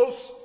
us